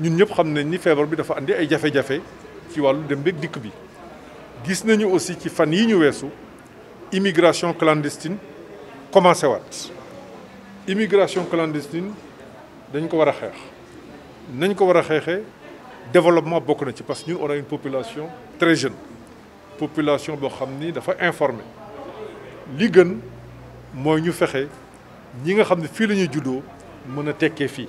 ñun ñëpp xam nañ ni feebar bi dafa andi ay jafe-jafe ci wàllu dem beeg dikk bi gis nañu aussi ci fan yi ñu weesu immigration clandestine commencé waat immigration clandestine dañ ko war a xeex nañ ko war a xeexee développement bokk na ci parce que ñun on a une population très jeune population boo xam ni dafa informé li gën mooy ñu fexe ñi nga xam ne fii la ñuy juddoo mën a tekkee fii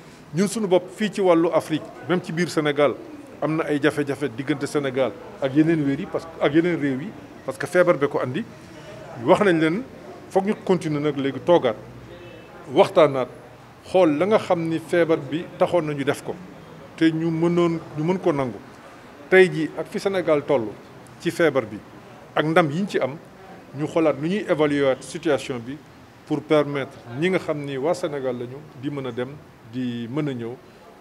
ñun suñu bop fi ci walu Afrique même ci biir Sénégal amna ay jafe-jafe diggante Sénégal ak yeneen wéer yi parce que ak yeneen réew yi parce que fièvre be ko andi wax nañ leen fokk ñu continuer nak légui toogaat waxtaanaat xol la nga xamni fièvre bi taxoon nañu def ko té ñu mënon ñu mën ko nangu tay ji ak fi Sénégal tollu ci fièvre bi ak ndam yi ci am ñu xoolaat nu ñuy évaluer situation bi pour permettre ñi nga xamni wa waa Sénégal lañu di mëna dem. di mën na ñëw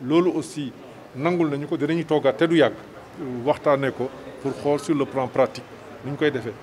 loolu aussi nangul nañu ko dinañu toogaat te du yàgg waxtaanee ko pour xool sur le plan pratique ni ñu koy defee.